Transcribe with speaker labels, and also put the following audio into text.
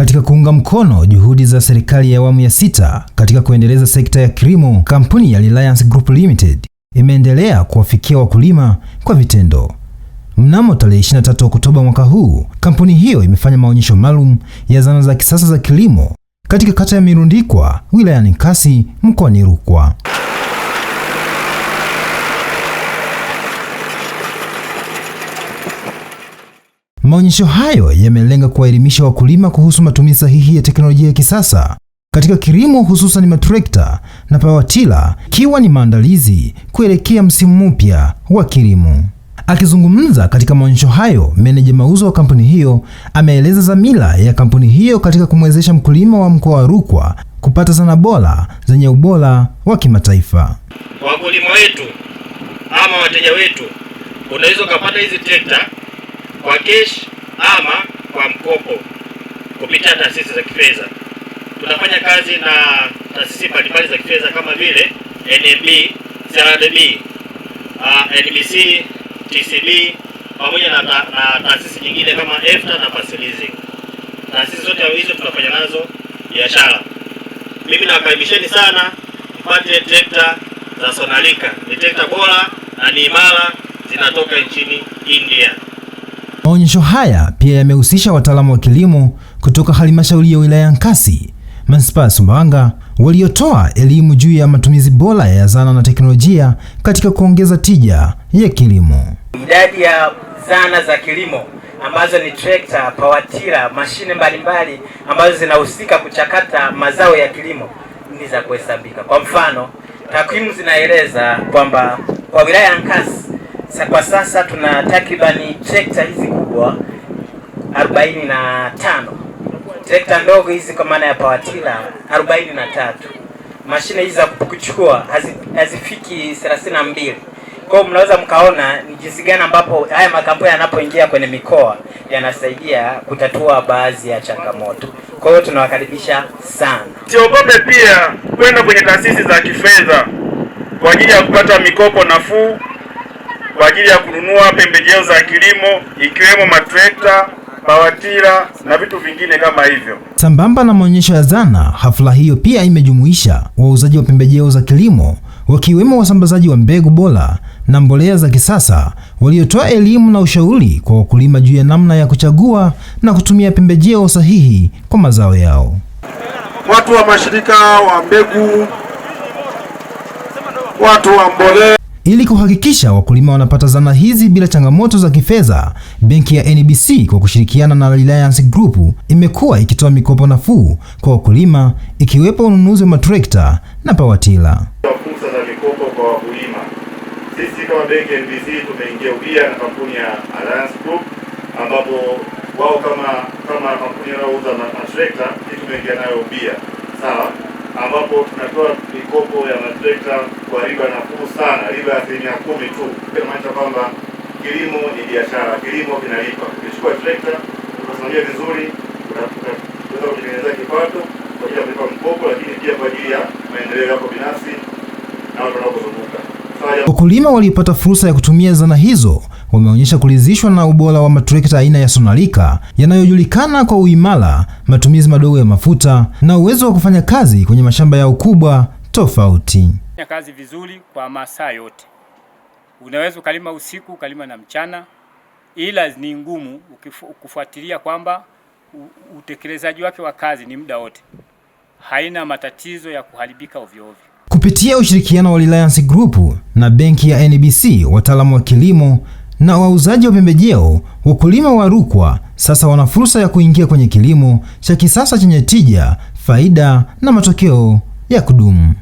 Speaker 1: katika kuunga mkono juhudi za serikali ya awamu ya sita katika kuendeleza sekta ya kilimo, kampuni ya Reliance Group Limited imeendelea kuwafikia wakulima kwa vitendo. Mnamo tarehe 23 Oktoba mwaka huu, kampuni hiyo imefanya maonyesho maalum ya zana za kisasa za kilimo katika kata ya Mirundikwa wilayani Nkasi mkoani Rukwa. Maonyesho hayo yamelenga kuwaelimisha wakulima kuhusu matumizi sahihi ya teknolojia ya kisasa katika kilimo hususan matrekta na pawatila, ikiwa ni maandalizi kuelekea msimu mpya wa kilimo. Akizungumza katika maonyesho hayo, meneja mauzo wa kampuni hiyo ameeleza dhamira ya kampuni hiyo katika kumwezesha mkulima wa mkoa wa Rukwa kupata zana bora zenye ubora wa kimataifa.
Speaker 2: Wakulima wetu ama wateja wetu, unaweza ukapata hizi trekta kwa cash ama kwa mkopo kupitia taasisi za kifedha. Tunafanya kazi na taasisi mbalimbali za kifedha kama vile NMB, CRDB, uh, NBC, TCB pamoja na, ta, na taasisi nyingine kama EFTA na Facilities. Taasisi zote hizo tunafanya nazo biashara. Mimi nawakaribisheni sana mpate trekta za Sonalika. Ni trekta bora na ni imara, zinatoka nchini India.
Speaker 1: Maonyesho haya pia yamehusisha wataalamu wa kilimo kutoka halmashauri ya wilaya Nkasi, manispaa ya Sumbawanga waliotoa elimu juu ya matumizi bora ya zana na teknolojia katika kuongeza tija ya kilimo.
Speaker 3: Idadi ya zana za kilimo ambazo ni trekta, pawatira, mashine mbalimbali ambazo zinahusika kuchakata mazao ya kilimo ni za kuhesabika. Kwa mfano, takwimu zinaeleza kwamba kwa wilaya ya Nkasi kwa sasa tuna takribani trekta hizi kubwa 45,
Speaker 4: trekta ndogo hizi kwa maana ya pawatila 43. Mashine hizi za kuchukua hazifiki 32. Kwa hiyo mnaweza mkaona ni jinsi gani ambapo haya makampuni yanapoingia kwenye mikoa yanasaidia kutatua baadhi ya changamoto. Kwa hiyo tunawakaribisha sana,
Speaker 5: siogope pia kwenda kwenye taasisi za kifedha kwa ajili ya kupata mikopo nafuu kwa ajili ya kununua pembejeo za kilimo ikiwemo matrekta, pawatira na vitu vingine kama hivyo.
Speaker 1: Sambamba na maonyesho ya zana, hafla hiyo pia imejumuisha wauzaji wa pembejeo za kilimo wakiwemo wasambazaji wa mbegu bora na mbolea za kisasa waliotoa elimu na ushauri kwa wakulima juu ya namna ya kuchagua na kutumia pembejeo sahihi kwa mazao yao.
Speaker 6: Watu wa mashirika wa mbegu, watu wa mbolea
Speaker 1: ili kuhakikisha wakulima wanapata zana hizi bila changamoto za kifedha, benki ya NBC kwa kushirikiana na Reliance Group imekuwa ikitoa mikopo nafuu kwa wakulima, ikiwepo ununuzi wa matrekta na pawatila.
Speaker 7: Fursa za mikopo kwa wakulima, sisi kama benki NBC tumeingia ubia na kampuni ya Reliance Group, ambapo wao kama kama kampuni inayouza matrekta, sisi tumeingia nayo ubia ambapo tunatoa mikopo ya matrekta kwa riba nafuu sana, riba ya asilimia kumi tu. Inamaanisha kwamba kilimo ni biashara, kilimo kinalipa. Ukichukua trekta ukasimamia vizuri, utaweza kutengeneza kipato kwa ajili ya kulipa mkopo, lakini pia kwa ajili ya maendeleo yako binafsi na watu wanaokuzunguka.
Speaker 1: Wakulima walipata fursa ya kutumia zana hizo wameonyesha kuridhishwa na ubora wa matrekta aina ya Sonarika yanayojulikana kwa uimara, matumizi madogo ya mafuta na uwezo wa kufanya kazi kwenye mashamba yao kubwa tofauti.
Speaker 8: Kazi vizuri kwa masaa yote, unaweza ukalima usiku ukalima na mchana, ila ni ngumu ukifuatilia kwamba utekelezaji wake wa kazi ni muda wote, haina matatizo ya kuharibika ovyo ovyo.
Speaker 1: Kupitia ushirikiano wa Reliance Group na benki ya NBC, wataalamu wa kilimo na wauzaji wa pembejeo, wakulima wa Rukwa sasa wana fursa ya kuingia kwenye kilimo cha kisasa chenye tija, faida na matokeo ya kudumu.